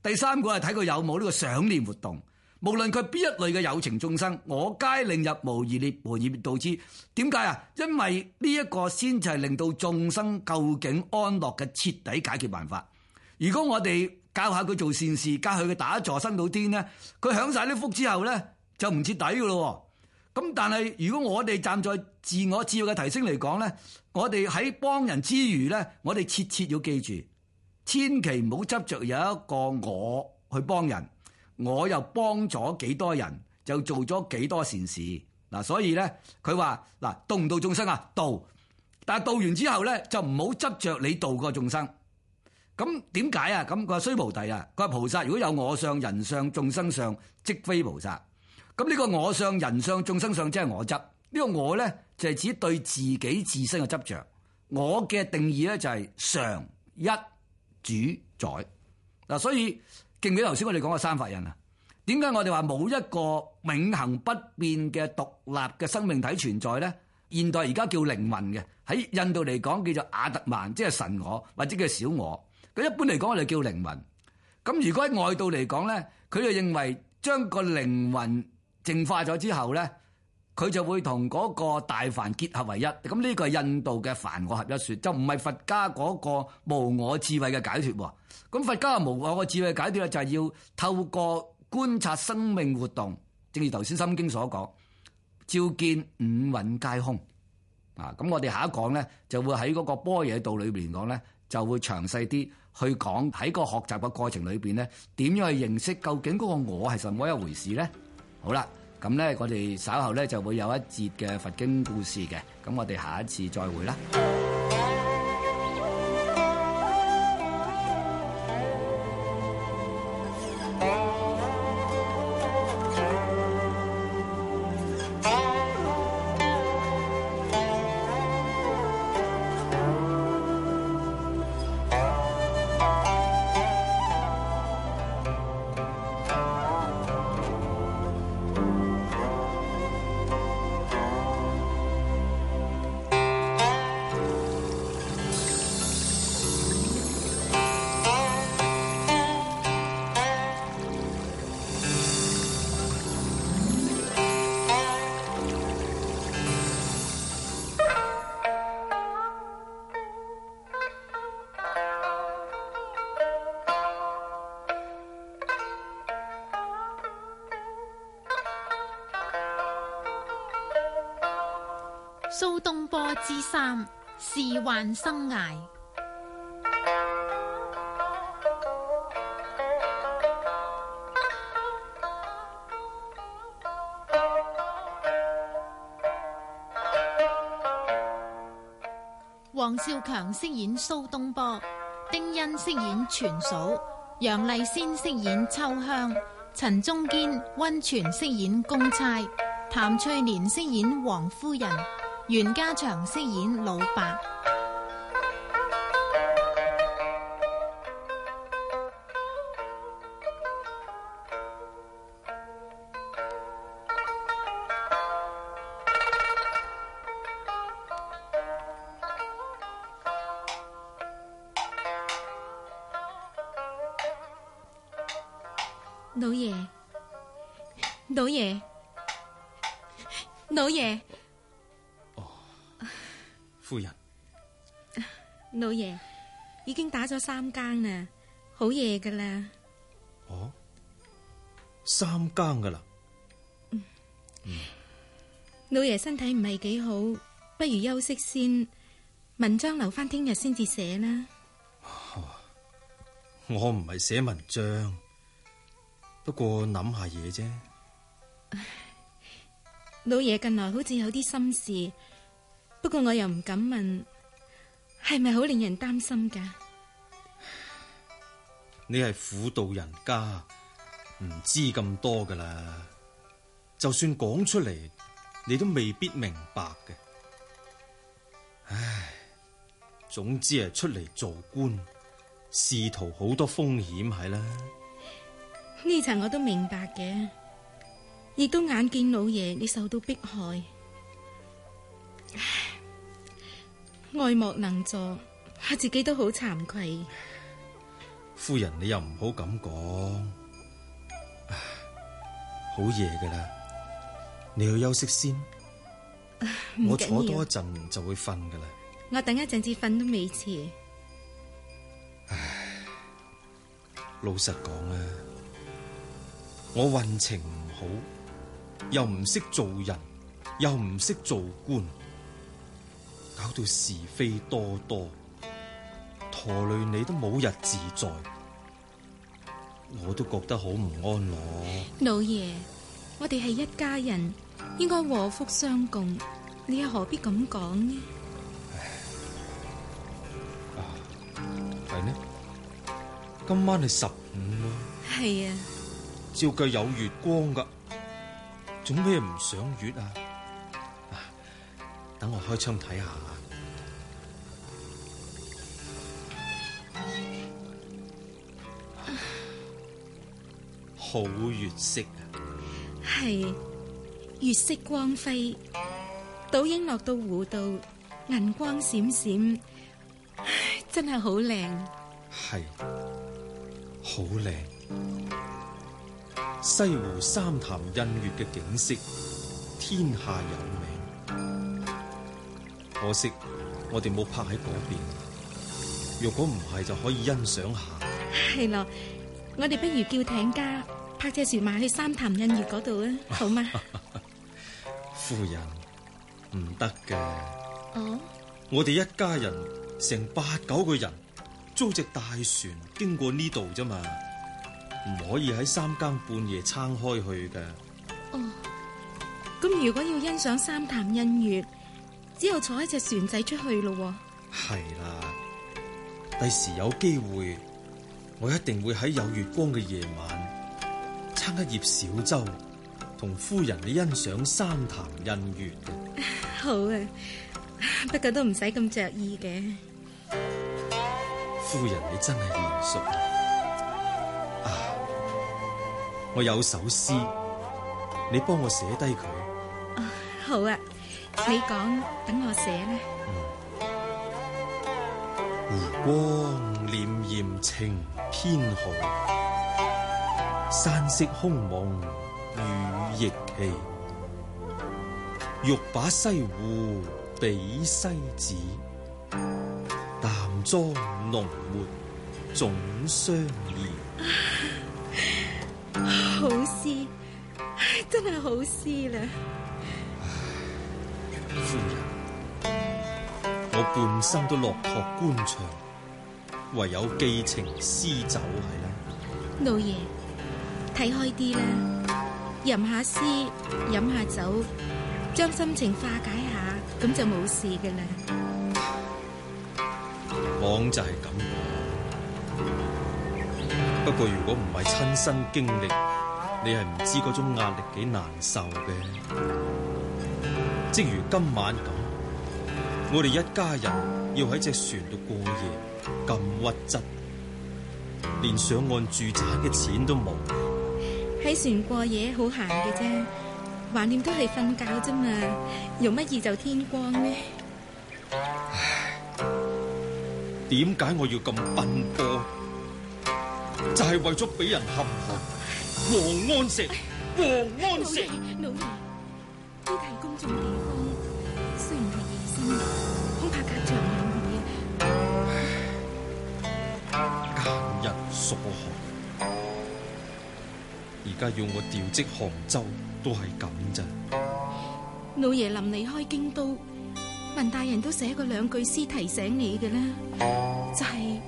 第三個係睇佢有冇呢個想念活動。無論佢邊一類嘅有情眾生，我皆令入無餘涅槃而滅度之。點解啊？因為呢一個先至係令到眾生究竟安樂嘅徹底解決辦法。如果我哋教下佢做善事，教佢嘅打坐生到天咧，佢享晒啲福之後咧，就唔徹底噶咯。咁但係如果我哋站在自我智慧嘅提升嚟講咧，我哋喺幫人之餘咧，我哋切切要記住，千祈唔好執着有一個我去幫人。我又幫咗幾多人，就做咗幾多善事嗱、啊，所以咧佢話嗱度唔度眾生啊度，但係度完之後咧就唔好執着你度個眾生，咁點解啊？咁佢話須菩提啊，佢話、啊、菩薩如果有我相、人相、眾生相，即非菩薩。咁、啊、呢、這個我相、人相、眾生相，即係我執。呢、這個我咧就係指對自己自身嘅執着。我嘅定義咧就係常一主宰嗱、啊，所以。記唔記得頭先我哋講過三法印啊？點解我哋話冇一個永恆不變嘅獨立嘅生命體存在咧？現代而家叫靈魂嘅，喺印度嚟講叫做阿特曼，即係神我或者叫小我。佢一般嚟講我哋叫靈魂。咁如果喺外道嚟講咧，佢就認為將個靈魂淨化咗之後咧。佢就會同嗰個大梵結合為一，咁呢個係印度嘅梵我合一説，就唔係佛家嗰個無我智慧嘅解脱喎。咁佛家無我嘅智慧解脱咧，就係要透過觀察生命活動，正如頭先《心經》所講，照見五蘊皆空。啊，咁我哋下一講咧，就會喺嗰個般若道裏邊講咧，就會詳細啲去講喺個學習嘅過程裏邊咧，點樣去認識究竟嗰個我係什麼一回事咧？好啦。咁咧，我哋稍後咧就會有一節嘅佛經故事嘅，咁我哋下一次再會啦。生涯。黃少強飾演蘇東坡，丁欣飾演全嫂，楊麗仙飾演秋香，陳中堅温泉飾演公差，譚翠蓮飾演王夫人，袁家祥飾演老伯。老爺哦，夫人，老爺已經打咗三更啦，好夜噶啦。哦，三更噶啦。嗯，老爺身體唔係幾好，不如休息先。文章留翻聽日先至寫啦。哦，我唔係寫文章，不過諗下嘢啫。老爺近來好似有啲心事，不過我又唔敢問，係咪好令人擔心噶？你係婦道人家，唔知咁多噶啦。就算講出嚟，你都未必明白嘅。唉，總之係出嚟做官，仕途好多風險係啦。呢層我都明白嘅。亦都眼見老爺你受到迫害，唉，愛莫能助，我自己都好慚愧。夫人，你又唔好咁講，好夜噶啦，你要休息先。我坐多一陣就會瞓噶啦。我等一陣至瞓都未遲。唉，老實講啊，我運程唔好。又唔識做人，又唔識做官，搞到是非多多，拖累你都冇日自在，我都覺得好唔安樂。老爺，我哋係一家人，應該禍福相共，你又何必咁講呢？係呢、哎，今晚係十五啊！係啊，照計有月光噶。做咩唔賞月啊？等我開窗睇下，好月色啊！係月色光輝，倒影落到湖度，銀光閃閃，真係好靚。係，好靚。西湖三潭印月嘅景色天下有名，嗯、可惜我哋冇泊喺嗰邊。如果唔係，就可以欣賞下。係咯，我哋不如叫艇家泊隻船埋去三潭印月嗰度啊，好嗎？ 夫人，唔得嘅。哦。我哋一家人成八九個人，租隻大船經過呢度啫嘛。唔可以喺三更半夜撐開去嘅。哦，咁如果要欣賞三潭印月，只有坐一隻船仔出去咯。係啦，第時有機會，我一定會喺有月光嘅夜晚，撐一葉小舟，同夫人你欣賞三潭印月嘅。好啊，不過都唔使咁着意嘅。夫人你真係賢淑。我有首詩，你幫我寫低佢。好啊，你講，等我寫呢。湖光瀲灩晴偏好，山色空蒙雨亦奇。欲把西湖比西子，淡妝濃抹總相宜。冇詩啦，夫人，我半生都落拓官場，唯有寄情詩酒係啦。老爺，睇開啲啦，吟下詩，飲下酒，將心情化解下，咁就冇事嘅啦。講就係咁，不過如果唔係親身經歷。你係唔知嗰種壓力幾難受嘅，即如今晚咁，我哋一家人要喺隻船度過夜，咁屈質，連上岸住宅嘅錢都冇。喺船過夜好閒嘅啫，橫掂都係瞓覺啫嘛，容乜易就天光呢？唉，點解我要咁奔波？就係、是、為咗俾人陷害王安石，王安石。老爺，老爺，呢啲公眾地方雖然係宜興，恐怕隔牆有耳。唉，奸人所害，而家要我調職杭州都係咁咋。老爺臨離開京都，文大人都寫過兩句詩提醒你嘅啦，就係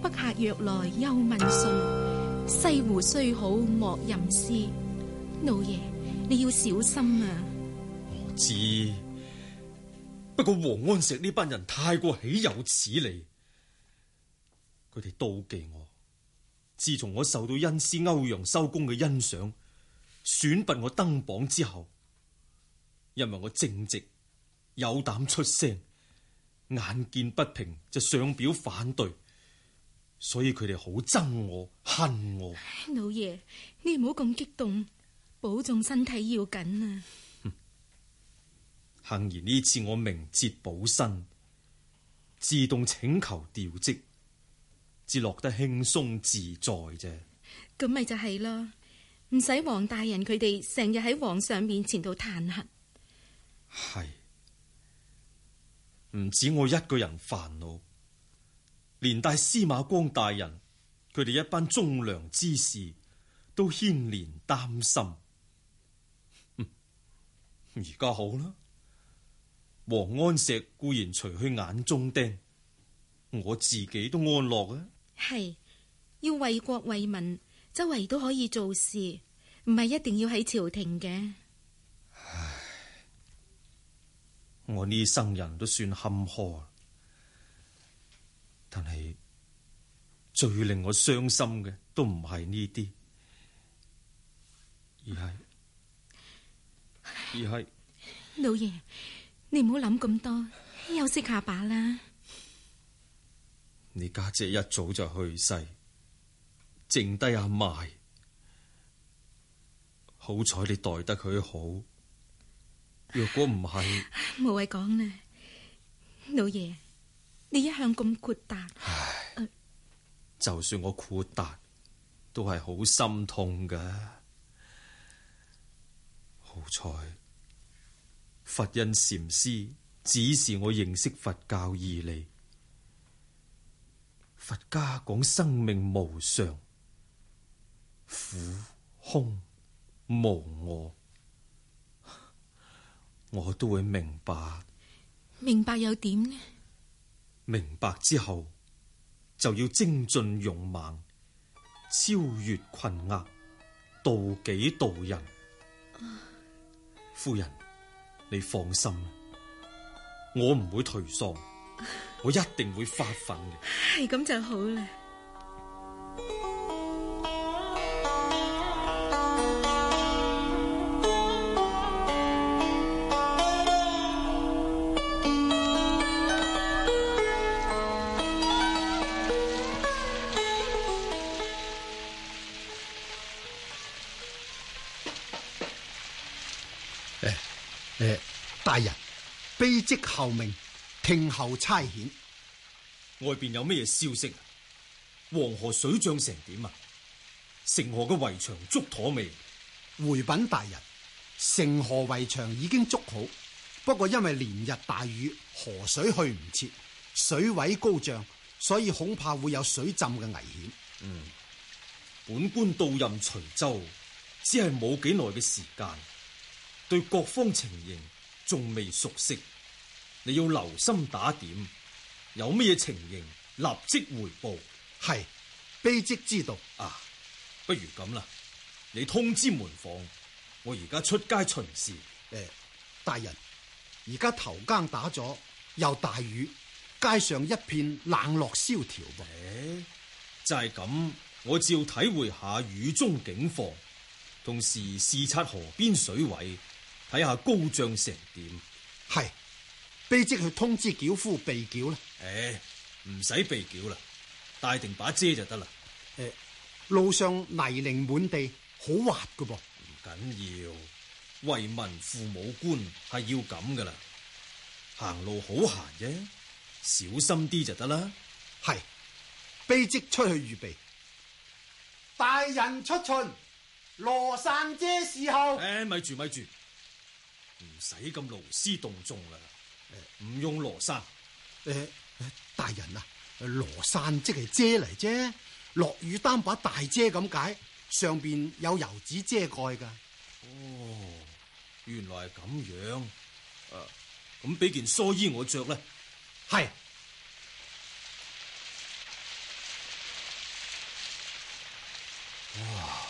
北客若來，休問事。西湖雖好莫吟詩，老爺你要小心啊！我知，不過王安石呢班人太過豈有此理，佢哋妒忌我。自從我受到恩師歐陽修公嘅欣賞，選拔我登榜之後，因為我正直，有膽出聲，眼見不平就上表反對。所以佢哋好憎我，恨我。老爺，你唔好咁激動，保重身體要緊啊！幸而呢次我明哲保身，自動請求調職，至落得輕鬆自在啫。咁咪就係咯，唔使黃大人佢哋成日喺皇上面前度彈劾。係，唔止我一個人煩惱。連帶司馬光大人佢哋一班忠良之士都牽連擔心。而 家好啦，王安石固然除去眼中釘，我自己都安樂啊。係要為國為民，周圍都可以做事，唔係一定要喺朝廷嘅。唉，我呢生人都算坎坷。但係最令我傷心嘅都唔係呢啲，而係而係。老爺，你唔好諗咁多，休息下吧啦。你家姐一早就去世，剩低阿嫲，好彩你待得佢好。若果唔係，冇謂講啦，老爺。你一向咁豁達，唉呃、就算我豁達，都係好心痛噶。好彩佛印禪師指示我認識佛教義理，佛家講生命無常、苦空無我，我都會明白。明白又點呢？明白之後，就要精進勇猛，超越困厄，渡己渡人。 夫人，你放心，我唔會頹喪，我一定會發奮。係咁 就好啦。大人，卑職候命，聽候差遣。外邊有咩消息？黃河水漲成點啊？城河嘅圍牆築妥未？回稟大人，城河圍牆已經築好，不過因為連日大雨，河水去唔切，水位高漲，所以恐怕會有水浸嘅危險。嗯，本官到任徐州，只係冇幾耐嘅時間，對各方情形，仲未熟悉，你要留心打點，有咩情形立即回報。係，卑職知道啊。不如咁啦，你通知門房，我而家出街巡視。誒、呃，大人，而家頭更打咗，又大雨，街上一片冷落蕭條噃。誒，就係、是、咁，我照體會下雨中景況，同時視察河邊水位。睇下高漲成點，係卑職去通知轎夫備轎啦。誒、欸，唔使備轎啦，帶定把遮就得啦。誒、欸，路上泥濘滿地，好滑噶噃。唔緊要，為民父母官係要咁噶啦。行路好閒啫，小心啲就得啦。係，卑職出去預備。大人出巡，羅傘遮侍候。誒、欸，咪住咪住。唔使咁勞師動眾啦！誒，唔用羅傘。誒，大人啊，羅傘即係遮嚟啫，落雨擔把大遮咁解，上邊有油紙遮蓋噶。哦，原來係咁樣。誒、啊，咁俾件蓑衣我着啦。係、啊。哇！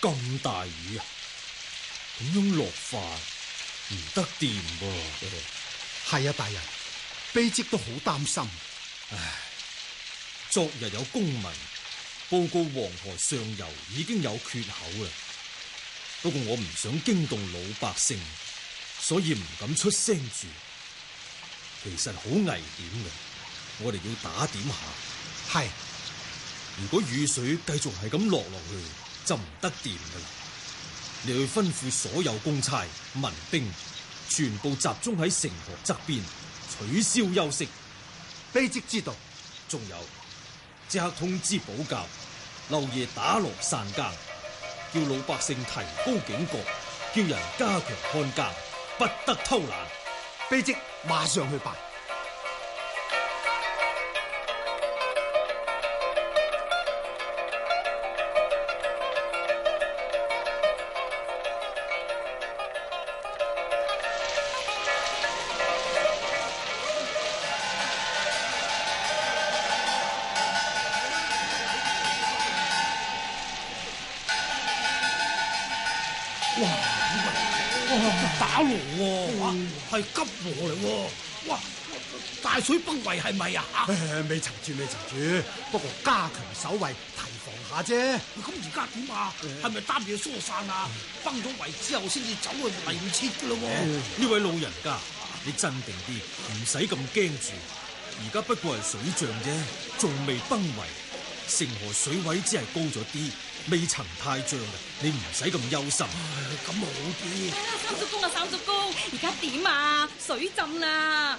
咁大雨啊，點樣落飯？唔得掂噃，係啊，啊，大人，卑職都好擔心、啊。唉，昨日有公文報告黃河上游已經有缺口啦。不過我唔想驚動老百姓，所以唔敢出聲住。其實好危險嘅，我哋要打點下。係、啊，如果雨水繼續係咁落落去，就唔得掂噶啦。你去吩咐所有公差、民兵，全部集中喺城河側邊，取消休息。卑職知道。仲有，即刻通知保甲，漏夜打鑼散更，叫老百姓提高警覺，叫人加強看更，不得偷懶。卑職馬上去辦。係係咪啊？未曾住，未曾住。不過加強守衛，提防下啫。咁而家點啊？係咪擔住疏散啊？崩咗圍之後，先至走去嚟唔切噶咯。呢位老人家，你鎮定啲，唔使咁驚住。而家不過係水漲啫，仲未崩圍，城河水位只係高咗啲，未曾太漲。你唔使咁憂心。咁好啲。三叔公啊，三叔公，而家點啊？水浸啦！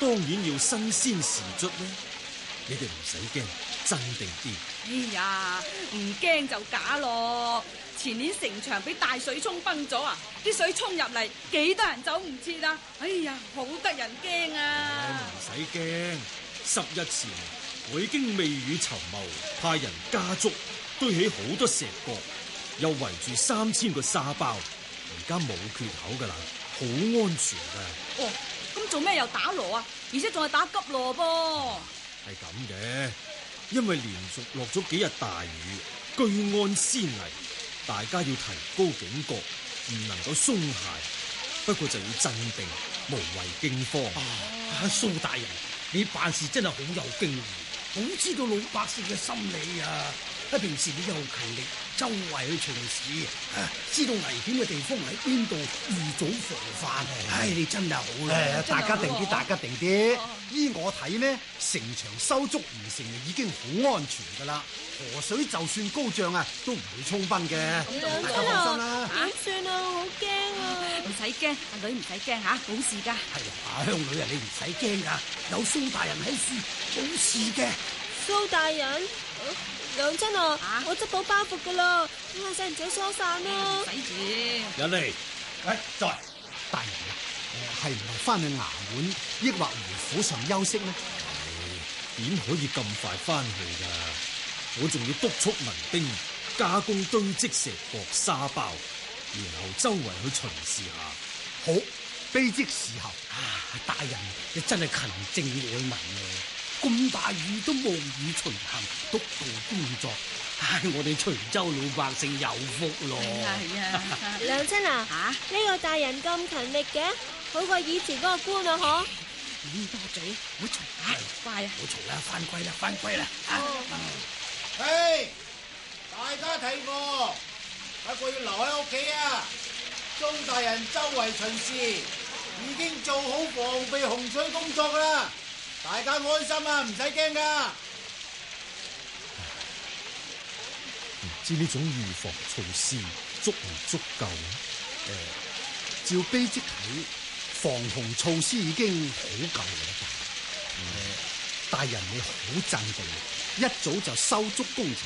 當然要新鮮時足呢，你哋唔使驚，鎮定啲。哎呀，唔驚就假咯。前年城牆俾大水沖崩咗啊，啲水沖入嚟，幾多人走唔切啊！哎呀，好得人驚啊！唔使驚，十日前我已經未雨綢繆，派人加築堆起好多石角，又圍住三千個沙包，而家冇缺口噶啦，好安全噶。哦咁做咩又打鑼啊？而且仲係打急鑼噃。係咁嘅，因為連續落咗幾日大雨，居安思危，大家要提高警覺，唔能夠鬆懈。不過就要鎮定，無謂驚慌。啊、蘇大人，你辦事真係好有經驗，好知道老百姓嘅心理啊！一邊自己好勤力，周圍去巡視，知道危險嘅地方喺邊度，預早防範。唉、so,，你真係好啦。大家定啲，大家定啲。依我睇呢，城牆修築完成已經好安全噶啦。河水就算高漲啊，都唔會衝崩嘅。大家放心啦。點算啊？我好驚啊！唔使驚，阿女唔使驚吓，冇事噶。係啊，香女啊，你唔使驚噶，有蘇大人喺處，冇事嘅。蘇大人。梁真娘啊，我執好包袱噶啦，咁啊使唔使疏散啦？使住。入嚟，誒，坐，大人啊，係唔係翻去衙門，抑或回府上休息呢？點可以咁快翻去噶？我仲要督促民兵加工堆積石駁沙包，然後周圍去巡視下。好，卑職侍候。啊，大人你真係勤政愛民啊！咁大雨都冒雨巡行督導工作，唉，我哋徐州老百姓有福咯。係啊，娘親啊，吓呢個大人咁勤力嘅，好過以前嗰個官啊，嗬，唔要多嘴，唔好嘈，快啊，唔好嘈啦，返歸啦，返歸啦！啊，哎乖、啊，哦啊、大家睇過，一個要留喺屋企啊，鍾大人周圍巡視，已經做好防備洪水工作啦。大家安心啊，唔使驚㗎。唔知呢種預防措施足唔足夠、啊、誒、呃，照卑職睇，防洪措施已經好夠啦。大、呃、人你好鎮定，一早就收足工程，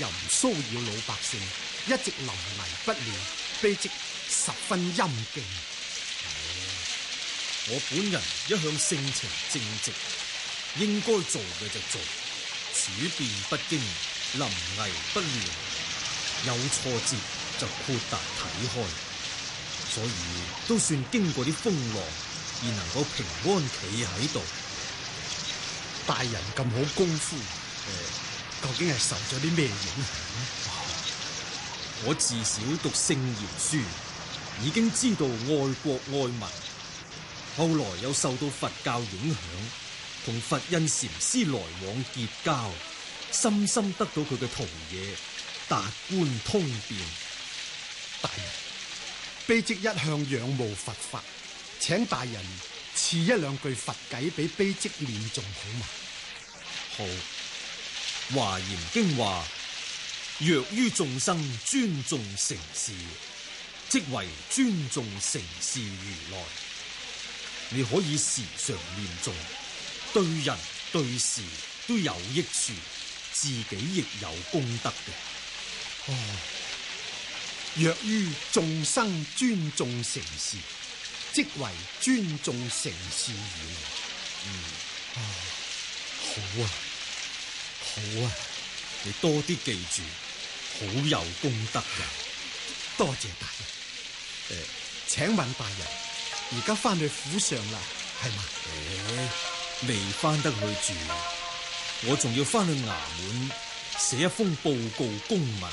又唔騷擾老百姓，一直臨危不亂，卑職十分欽敬。我本人一向性情正直，應該做嘅就做，處變不驚，臨危不亂，有挫折就豁達睇開，所以都算經過啲風浪而能夠平安企喺度。大人咁好功夫，究竟係受咗啲咩影響呢？我自小讀聖賢書，已經知道愛國愛民。後來又受到佛教影響，同佛印禪師來往結交，深深得到佢嘅陶冶，達觀通變。大人，卑職一向仰慕佛法，請大人賜一兩句佛偈俾卑職念仲好嗎？好，《華嚴經》話：若於眾生尊重承事，即為尊重承事如來。你可以時常念誦，對人對事都有益處，自己亦有功德嘅。哦，若於眾生尊重承事，即為尊重承事矣。嗯、哦，好啊，好啊，你多啲記住，好有功德嘅。多謝大人。誒、呃，請問大人？而家翻去府上啦，係嘛？未翻得去住，我仲要翻去衙門寫一封報告公文。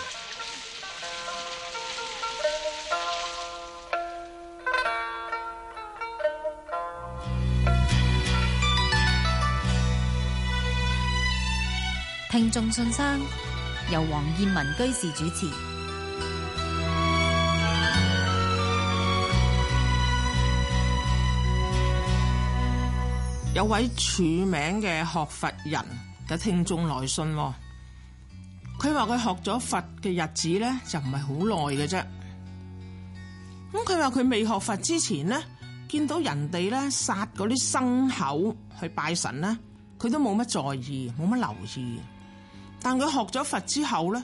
聽眾信箱，由黃燕文居士主持。有位署名嘅學佛人嘅聽眾來信，佢話佢學咗佛嘅日子咧就唔係好耐嘅啫。咁佢話佢未學佛之前咧，見到人哋咧殺嗰啲牲口去拜神咧，佢都冇乜在意，冇乜留意。但佢學咗佛之後咧，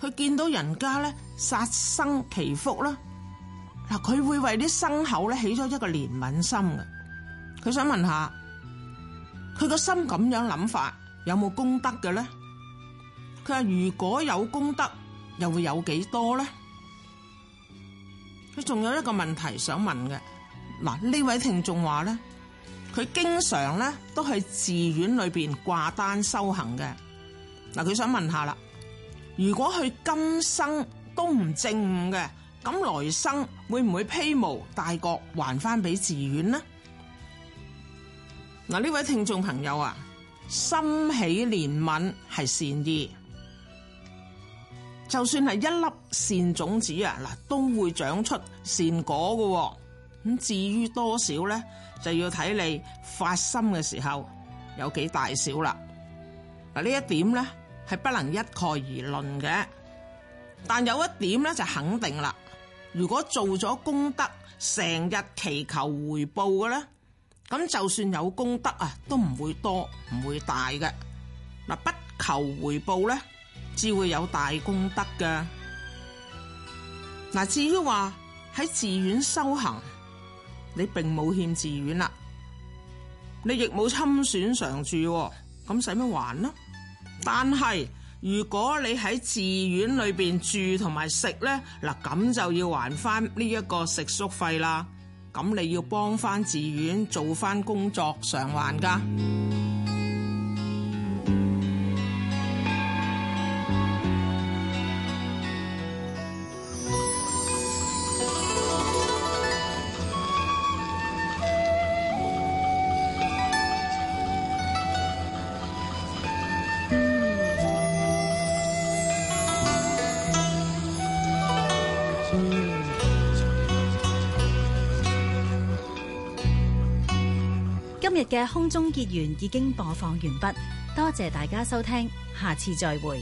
佢見到人家咧殺生祈福啦，嗱佢會為啲牲口咧起咗一個憐憫心嘅。佢想問下。佢個心咁樣諗法有冇功德嘅咧？佢話如果有功德，又會有幾多咧？佢仲有一個問題想問嘅，嗱呢位聽眾話咧，佢經常咧都喺寺院裏邊掛單修行嘅。嗱佢想問下啦，如果佢今生都唔證悟嘅，咁來生會唔會披毛戴角還返俾寺院呢？嗱，呢位聽眾朋友啊，心喜憐憫係善意，就算係一粒善種子啊，嗱都會長出善果嘅。咁至於多少咧，就要睇你發心嘅時候有幾大小啦。嗱，呢一點咧係不能一概而論嘅，但有一點咧就肯定啦，如果做咗功德，成日祈求回報嘅咧。咁就算有功德啊，都唔會多，唔會大嘅。嗱，不求回報咧，只會有大功德嘅。嗱，至於話喺寺院修行，你並冇欠寺院啦，你亦冇侵損常住，咁使乜還呢？但係如果你喺寺院裏邊住同埋食咧，嗱，咁就要還翻呢一個食宿費啦。咁你要幫返寺院，做返工作償還㗎？嘅空中結緣已經播放完畢，多謝大家收聽，下次再會。